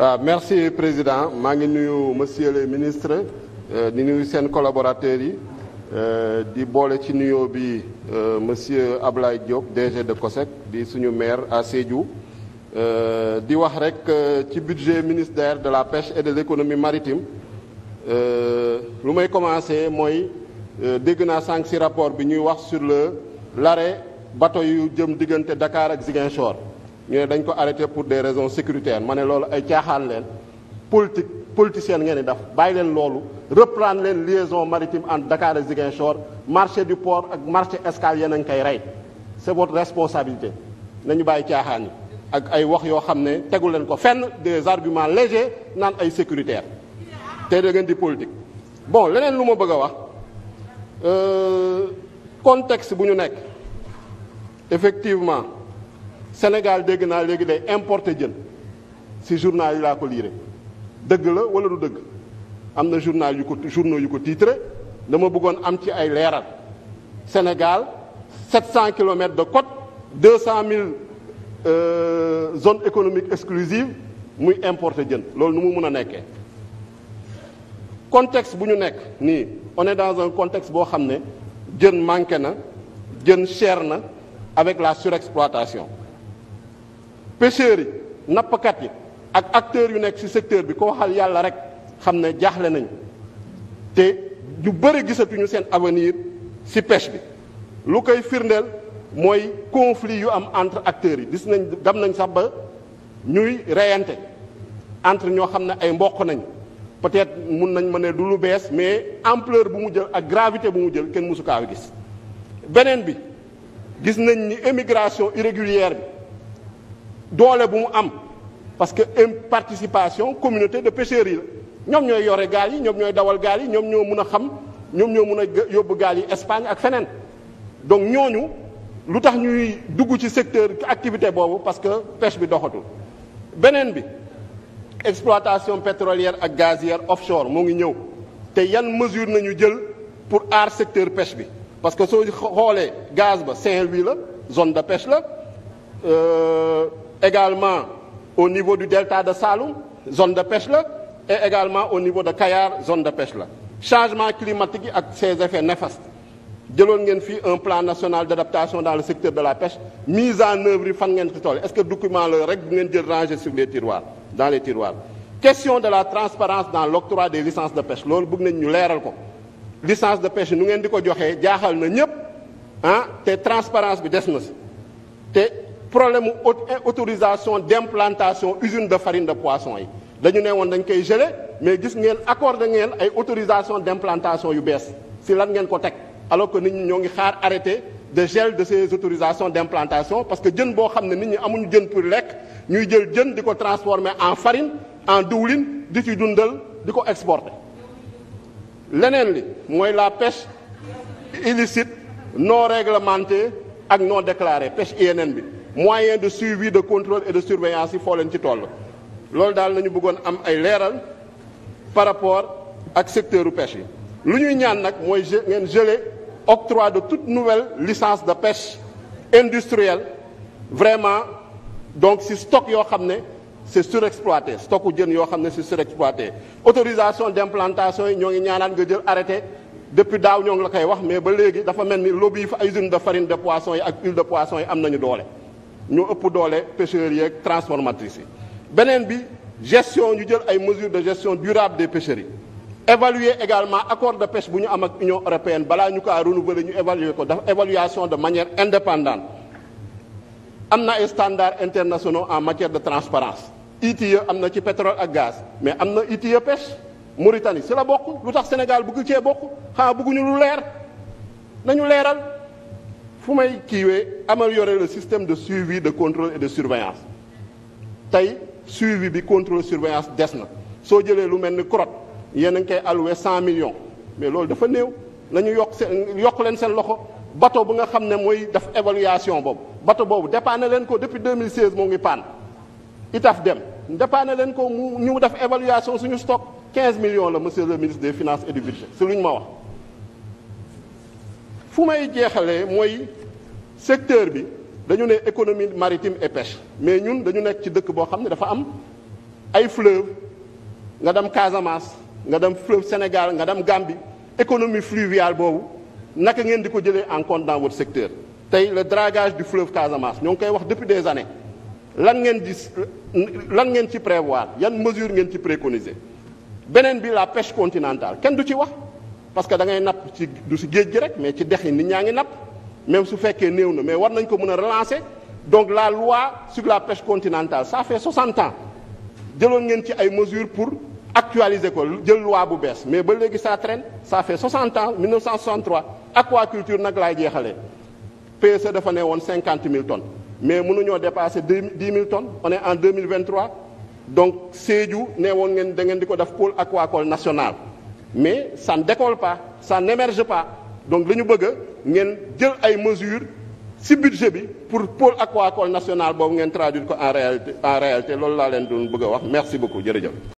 waaw ah, merci président maa ngi nuyu monsieur le ministre euh, di nuyu seen collaborateurs yi euh, di boole ci nuyoo bi euh, monsieur Ablaye Diop DG de COSEC di suñu maire à Sédhiou di wax rek ci budget ministère de la pêche et de l'économie maritime lu may commencer mooy dégg naa sànq ci rapport bi ñuy wax sur le l'arrêt bateau yu jëm diggante Dakar ak Ziguinchor. ñu ne dañ ko arrêté pour des raisons sécuritaires ma ne loolu ay caaxaan leen politique politicienne ngeen di def bàyyi leen loolu reprendre leen liaison maritime en Dakar et Ziguinchor marché du port ak marché Escale yéen a ngi koy rey c'est votre responsabilité nañu bàyyi caaxaan yi ak ay wax yoo xam ne tegu leen ko fenn des arguments légers naan ay sécuritaire te da di politique bon leneen lu ma bëgg a wax euh, contexte bu ñu nekk effectivement Sénégal dégg naa léegi day importer jën si journal yi laa ko liire dëgg la wala du dëgg am na journal yu ko journaux yu ko titré dama bëggoon am ci ay leeral Sénégal 700 kilomètres de côte 200 000 euh, zones économiques exclusives muy importer jën loolu nu mu mun a nekkee contexte bu ñu nekk nii on dans un contexte boo xam ne jën manqué na jën cher na avec la surexploitation pêcheurs yi nappkat yi ak acteurs yu nekk ci secteur bi ko waxal yàlla rek xam ne jaaxle nañu te ñu bëri gisatuñu seen avenir ci pêche bi lu koy firndeel mooy conflit yu am entre acteurs yi gis nañ dem nañ sax ba ñuy reyante entre ñoo xam ne ay mboq nañ peut-être mun nañ ma ne du lu bees mais ampleur bu mu jël ak gravité bu mu jël kenn mësu kaaw gis beneen bi gis nañ ni émigration irrégulière bi doole bu mu am parce que une participation communauté de pêcheurs yi la ñoom ñooy yore gaal yi ñoom ñooy dawal gaal yi ñoom ñoo mën a xam ñoom ñoo mën a yóbbu gaal yi Espagne ak feneen donc ñooñu lu tax ñuy dugg ci secteur activité boobu parce que pêche bi doxatul beneen bi exploitation pétrolière ak gazière offshore moo ngi ñëw te yan mesure nañu jël pour aar secteur pêche bi parce que soo xoolee gaz ba Saint-Louis la zone de pêche la euh, également au niveau du delta de Saloum zone de peche la et également au niveau de Kayar zone de pêche la changement climatique yi ak ses effets néfastes jëloon ngeen fii un plan national d'adaptation dans le secteur de la pêche mise en œuvre yi fan ngeen ci toll est-ce que document la rek bu ngeen jël ranger sur les tiroirs dans les tiroirs question de la transparence dans l'octroi des licences de pêche loolu bëgg nañ ñu leeral ko licence de pêche nu ngeen di ko joxee jaaxal na ñëpp ah te transparence bi des na si problème mu autorisation d'implantation usine de farine de poisson yi dañu nee woon dañ koy gelé mais gis ngeen accordé ngeen ay autorisation d'implantation yu bees si lan ngeen ko teg alors que nit ñi ñoo ngi xaar arrêté de gel de ces autorisations d'implantation parce que jën boo xam ne nit ñi amuñu jën pour lekk ñuy jël jën di ko transformer en farine en diwlin di ci dundal di ko exporter leneen li mooy la pêche illicite non réglementée ak non déclarée pêche INN bi moyen de suivi de contrôle et de surveillance yi foo leen ci toll loolu daal nañu bëggoon am ay leeral par rapport ak secteur u pêche yi lu ñuy ñaan nag mooy ngeen geler octroi de toute nouvelle licence de pêche industrielle vraiment donc si stock yoo xam ne c'est surexploité stocku jën yoo xam ne c'est surexploité autorisation d'implantation yi ñoo ngi ñaanaan nga jël arrêté depuis daaw ñoo ngi la koy wax mais ba léegi dafa mel ni lobby yi fa ay usine de ñoo ëpp doole pêcheurs yi ak transformatrices yi beneen bi gestion ñu jël ay mesures de gestion durable des pêcheries évaluer également accord de pêche bu ñu am ak Union européenne balaa ñu ko a renouveler ñu évaluer ko daf évaluation de manière indépendante am na ay standards internationaux en matière de transparence ITIE am na ci pétrole ak gaz mais am na ITIE pêche Mauritanie si la bokk lu tax Sénégal bëgg cee bokk xanaa bëgguñu lu leer nañu leeral fu may kiiwee améliorer le système de suivi de contrôle et de surveillance tey suivi bi contrôle surveillance des na soo jëlee lu mel ni CROT yéen a ngi koy alloué cent millions mais loolu dafa néew nañu yokk seen yokk leen seen loxo bateau bu nga xam ne mooy def évaluation boobu bateau boobu dépanne leen ko depuis 2016 moo ngi paan itaf dem dépanne leen ko mu ñu def évaluation suñu stock 15 millions la monsieur le ministre des finances et du budget c'est lu ma wax fu may jeexalee mooy secteur bi dañu ne économie maritime et pêche mais ñun dañu nekk ci dëkk boo xam ne dafa am ay fleuve nga dem Casamance nga dem fleuve Sénégal nga dem Gambie économie fluviale boobu naka ngeen di ko jëlee en compte dans votre secteur tey le dragage du fleuve Casamance ñoo ngi koy wax depuis des années lan ngeen di lan ngeen ci prévoir yan mesure ngeen ci préconiser beneen bi la pêche continentale kenn du ci wax parce que da ngay napp ci du si géej gi rek mais ci dex yi nit ñaa ngi napp même su fekkee néew na mais war nañ ko mën a relancer donc la loi sur la pêche continentale ça fait 60 ans jëloon ngeen ci ay mesures pour actualiser ko jël loi bu bees mais ba léegi ça traîne ça fait 60 ans 1963 aquaculture nag laay jeexalee PSE dafa ne woon 50 000 tonnes mais mënuñoo dépasser 10 000 tonnes on est en 2023 donc Sédhiou nee woon ngeen da ngeen di ko def pôle aquacole national mais san ne décolle pas ça n'émerge pas donc lañu ñu bëgg a ngeen jël ay mesures ci budget bi pour pôle aquacole national boobu ngeen traduire ko en réalité en réalité loolu laa leen doon bëgg a wax merci beaucoup jërëjëf